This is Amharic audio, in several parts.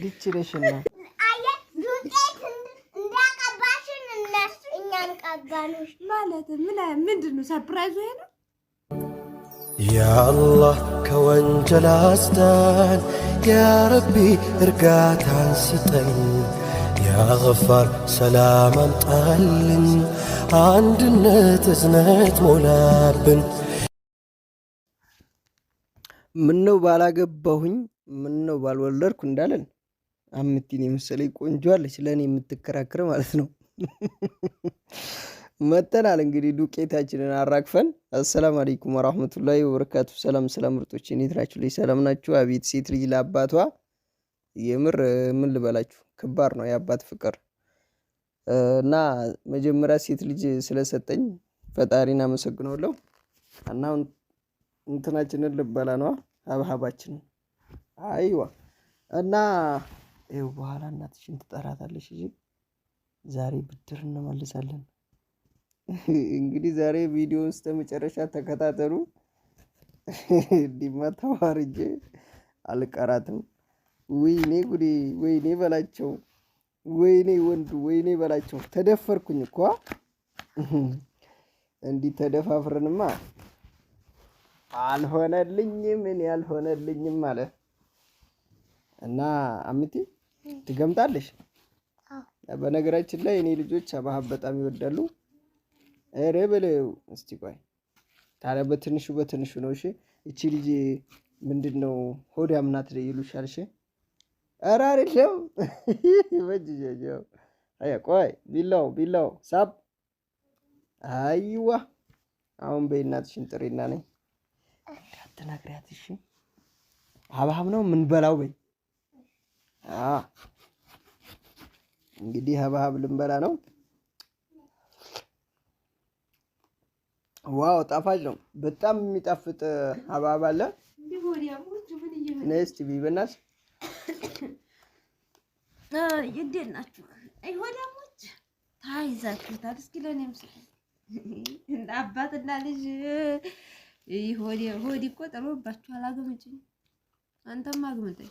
ግች ነሽና ማለት ምን ምንድን ነው? ሰርፕራይዙ ይሄ ነው። ያአላህ ከወንጀል አስዳን፣ ያረቢ እርጋታን ስጠን፣ ያገፋር ሰላም አምጣልን፣ አንድነት እዝነት ሞላብን። ምነው ባላገባሁኝ ምን ነው ባልወለድኩ እንዳለን አምቲን የመሰለኝ ቆንጆ አለች ለእኔ የምትከራከር ማለት ነው። መተናል እንግዲህ ዱቄታችንን አራግፈን። አሰላም አለይኩም ወራህመቱላሂ ወበረካቱ። ሰላም ሰላም፣ ምርጦች እንዴት ናችሁ? ልጅ ሰላም ናችሁ? አቤት ሴት ልጅ ለአባቷ የምር ምን ልበላችሁ፣ ከባድ ነው የአባት ፍቅር እና መጀመሪያ ሴት ልጅ ስለሰጠኝ ፈጣሪን አመሰግናለሁ። እና እንትናችንን ልበላ ነዋ አብሀባችንን አይዋ እና ይኸው በኋላ እናትሽን ትጠራታለሽ እንጂ ዛሬ ብድር እንመልሳለን። እንግዲህ ዛሬ ቪዲዮ እስከ መጨረሻ ተከታተሉ። እንዲማ ተዋርጄ አልቀራትም። ወይኔ ጉዴ፣ ወይኔ በላቸው፣ ወይኔ ወንዱ፣ ወይኔ በላቸው። ተደፈርኩኝ እኮ እንዲህ ተደፋፍረንማ አልሆነልኝም። እኔ አልሆነልኝም ማለት እና አምቲ ትገምታለሽ። በነገራችን ላይ እኔ ልጆች አባሀብ በጣም ይወዳሉ። ኧረ በለው እስቲ ቆይ ታዲያ በትንሹ በትንሹ ነው። እሺ እቺ ልጅ ምንድን ነው ሆዳም ናት ይሉሻል። እሺ ኧረ አይደለም ይበጅ ቆይ ቢላው ቢላው ሳብ አይዋ አሁን በእናትሽን ጥሪና ነኝ እንዳትነግሪያት። እሺ አባሀብ ነው ምንበላው በይ እንግዲህ ሀብሀብ ልንበላ ነው። ዋው ጣፋጭ ነው። በጣም የሚጣፍጥ ሀብሀብ አለ። ነስቲ ቢበናስ እንዴት ናችሁ? ወዳሞች ታይዛችሁታል። እስኪ ለእኔም አባትና ልጅ እኮ ጥሎባችኋል። አግምጭኝ፣ አንተም አግምጠኝ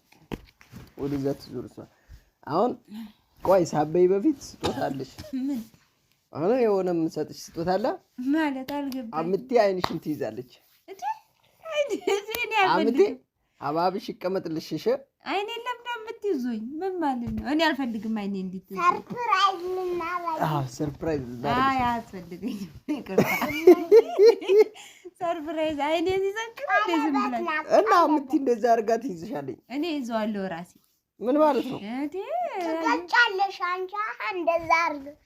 ወደዛ ትዞር እሷ። አሁን ቆይ ሳበይ በፊት ስጦታ አለሽ። ምን አሁን የሆነ የምንሰጥሽ ስጦታ አለ ማለት አልገባኝም። አምቴ አይንሽን ትይዛለች። አምቴ አባብሽ ይቀመጥልሽ። እሺ አይኔ ለምደ የምትይዙኝ ምን ማለት ነው? እኔ አልፈልግም። አይኔ እንድትይዙ ሰርፕራይዝ ምን አላየ? አዎ ሰርፕራይዝ አይ አያስፈልገኝም። ሰርፕራይዝ አይኔ ይዘንክራ እና አምቴ እንደዛ አድርጋ ትይዝሻለኝ። እኔ ይዘዋለሁ ራሴ ምን ማለት ነው? ትገልጫለሽ። አንቺ እንደዛ አድርገሽ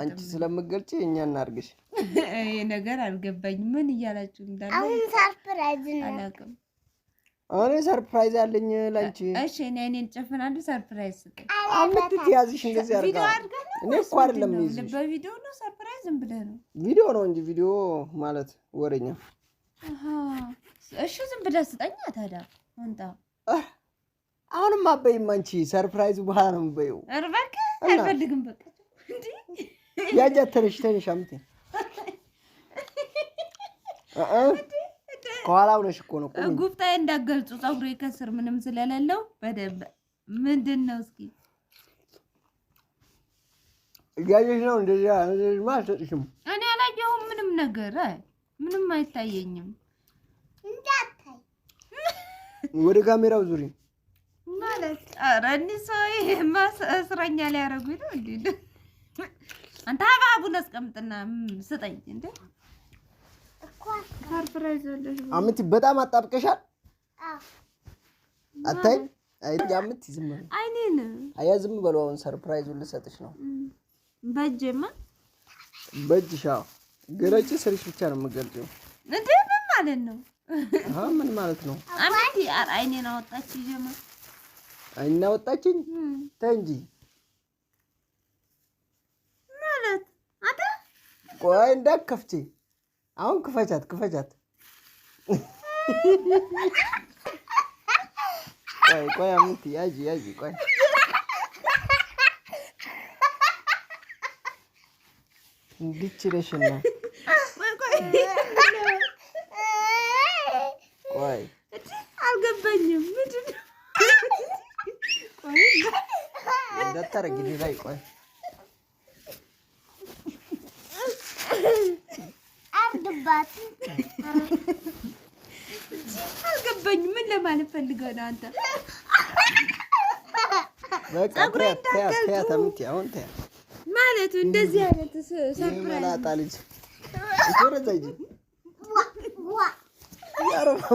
አንቺ ስለምገልጪ እኛ እናድርግሽ። ይሄ ነገር አልገባኝም። ምን እያላችሁ እንዳለ አሁን ሰርፕራይዝ ነው። አላውቅም። እኔ ሰርፕራይዝ አለኝ ላንቺ። እሺ እኔ እኔን ጨፍናሉ። ሰርፕራይዝ ስጠኝ። የምትያዝሽ እንደዚህ አድርጋ እኔ እኮ አይደለም ይዝሽ በቪዲዮ ነው። ሰርፕራይዝ ዝም ብለህ ነው። ቪዲዮ ነው እንጂ ቪዲዮ ማለት ወሬኛ። እሺ ዝም ብለህ ስጠኛ ታዲያ ወንጣ አሁንም አበይም አንቺ ሰርፕራይዝ በኋላ ነው የምትበይው። ኧረ አልፈልግም። በቃ እንዴ ያጃት ተነሽ ተነሽ፣ አምጪ ከኋላ ሆነሽ እኮ ነው። ጉብታዬ እንዳገልጹ ፀጉሬ ከስር ምንም ስለሌለው በደንብ ምንድን ነው እስኪ እያየሽ ነው። እንደዚህማ አልሰጥሽም። እኔ አላየሁም ምንም ነገር ምንም አይታየኝም። ወደ ካሜራው ዙሪ ማለት ኧረ እኒህ ሰውዬማ እስረኛ ሊያደርጉኝ ነው። እንደ አንተ ሀብሀቡን አስቀምጥና ስጠኝ። እንደ አምቲ በጣም አጣብቀሻል። አታይም? አምቲ ዝም በለው። አይኔን አያ ዝም በለው። አሁን ሰርፕራይዙን ልሰጥሽ ነው። በእጄማ በእጅሽ ገለጪ። ስልሽ ብቻ ነው የምገልጪው። እንደ ምን ማለት ነው? ምን ማለት ነው? አምቲ አይኔን አወጣች ጀመር እና ወጣችኝ ተንጂ ማለት አታ ቆይ እንዳከፍቺ አሁን ክፈቻት ክፈቻት። ቆይ ቆይ አሙቲ ያጂ ያጂ ቆይ እንድችለሽና ቆይ እንዳታረጊ። ሌላ ይቆይ አልገባኝም። ምን ለማለት ፈልገህ ነው አንተ? ማለቱ እንደዚህ አይነት መላጣ ልጅ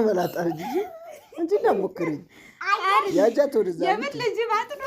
መላጣ ልጅ እንጂ እንዳትሞክሪኝ። ያጃት ወደዛ የምን ልጅ ባት ነው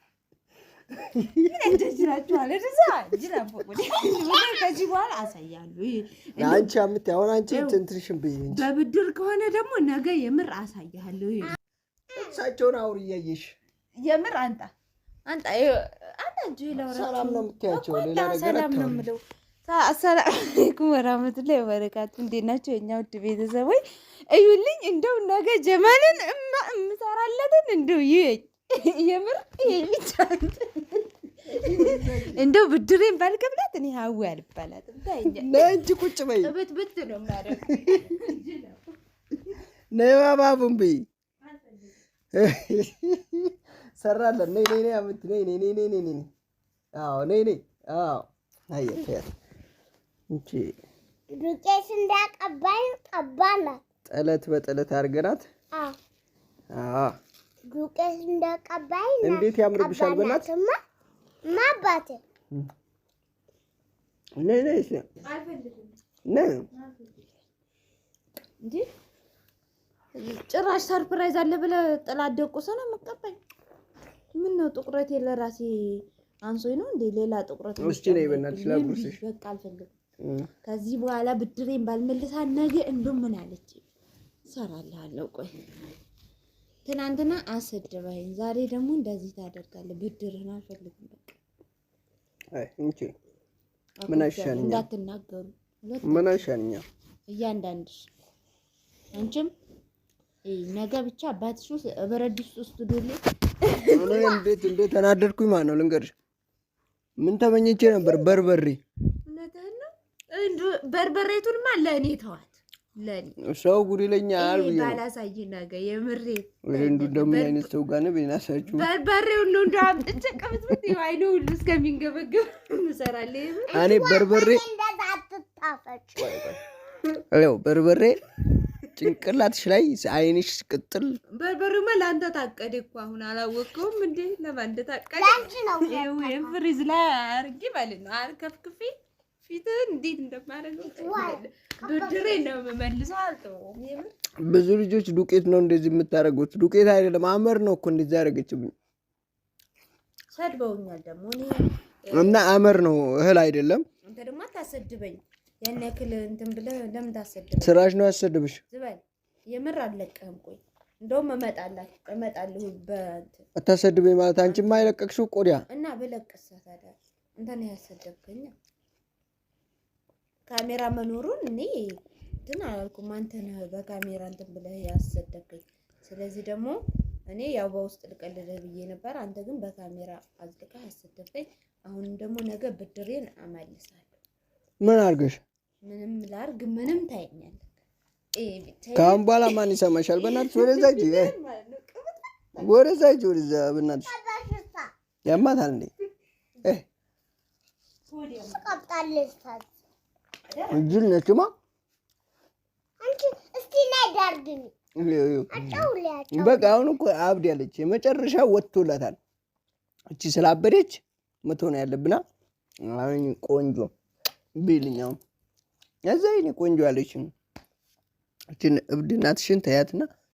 አንቺ አምት አሁን አንቺ ብይ እንጂ በብድር ከሆነ ደግሞ ነገ የምር አሳያለሁ። እሳቸውን አውር እያየሽ የምር አንጣ አንጣ አንጣ እንጂ ሰላም ነው የምትያቸው ሌላ ነገር ሰላም ነው የምለው። አሰላም አለይኩም ወራህመቱላሂ ወበረካቱ። እንዴት ናቸው የኛ ውድ ቤተሰቦች? እዩልኝ እንደው ነገ እምሰራለትን እንደው ይዩኝ የምር እንደው ብድሬን ባልገብላት እኔ ሀዊ አልባላትም። ቁጭ በይ ብትብት ነው ብይ ሰራለን ነይ ነይ አምት ነይ ነይ ነይ ነይ ነይ አዎ ነይ ነይ አዎ አየ እንቺ ዱቄት እንዳቀባይ ጠለት በጠለት አድርገናት አዎ አዎ ዱቄት እንደቀባይ እንዴት ያምርብሻል! በእናትሽ ማባቴ ነይ ነይ ነይ። እንደ ጭራሽ ሰርፕራይዝ አለ ብለህ ጥላት ደቁሰ ነው የምትቀባኝ? ምነው ጥቁረቴ ለራሴ አንሶኝ ነው እንደ ሌላ ጥቁረት። እስኪ ነይ በእናትሽ ላጉርስሽ። በቃ አልፈልግም። ከዚህ በኋላ ብድሬን ባልመልሳ ነገ እንደው አለች እሰራልሃለሁ። ቆይ ትናንትና አሰደበኝ፣ ዛሬ ደግሞ እንደዚህ ታደርጋለህ። ብድርህን አልፈልግም። በቃ ምን አይሻልኛ? እንዳትናገሩ ምን አይሻልኛ? እያንዳንድሽ አንቺም ነገ ብቻ ባትሽ ብረት ውስጥ ዱሌ እንዴት እንዴት ተናደድኩኝ ማለት ነው። ልንገርሽ ምን ተመኝቼ ነበር? በርበሬ በርበሬቱንማ ለእኔ ተዋል ሰው ጉድ ይለኛል ባላሳይ ነገ የምሬ እንዱ እንደምን አይነት ሰው ጋር ነው ቤናሳችሁ በርበሬውን ነው እንደ አምጥቼ ቀብት አይነ ሁሉ እስከሚንገበገብ እንሰራለን። እኔ በርበሬ ው በርበሬ ጭንቅላትሽ ላይ አይንሽ ቅጥል በርበሬማ ለአንተ ታቀደ እኮ አሁን አላወቀውም እንዴ ለማንደ ታቀደ ፍሪዝ ላይ አርጊ ማለት ነው አርከፍክፌ ፊት እንዴት እንደማደርገው ብድሬ ነው የምመልሰው። አልተወውም። ብዙ ልጆች ዱቄት ነው እንደዚህ የምታደርጉት። ዱቄት አይደለም አመር ነው እኮ እንደዚህ ያደረገችብኝ። ሰድበውኛል ደግሞ እና አመር ነው እህል አይደለም። አንተ ደግሞ አታሰድበኝ። ያን ያክል እንትን ብለህ ለምን ታሰድበኝ? ስራሽ ነው ያሰድብሽ። ዝበል የምር አልለቀህም። ቆይ እንደውም እመጣላለሁ እመጣለሁ። አታሰድበኝ ማለት አንቺማ አይለቀቅሽው ቆዳ እና በለቀሰ ታዲያ እንትን ያሰደብከኝ ካሜራ መኖሩን እኔ እንትን አላልኩም። አንተ ነህ በካሜራ እንትን ብለህ ያሰደከኝ። ስለዚህ ደግሞ እኔ ያው በውስጥ ልቀልልህ ብዬ ነበር። አንተ ግን በካሜራ አዝልቀህ አሰደከኝ። አሁንም ደግሞ ነገ ብድሬን አመልሳለሁ። ምን አርገሽ? ምንም ላርግ ምንም ታይኛል። ከአሁን በኋላ ማን ይሰማሻል? በእናትሽ ወደዛ ሂጂ፣ ወደዛ ሂጂ፣ ወደዛ በእናትሽ ያማታል እንዴ እጅል ነችማ። በቃ አሁን እኮ አብድ ያለች የመጨረሻ ወጥቶላታል። እቺ ስላበደች መቶ ነው ያለብና አሁን ቆንጆ ቢልኛው እዛ ቆንጆ አለች። እችን እብድናትሽን ተያትና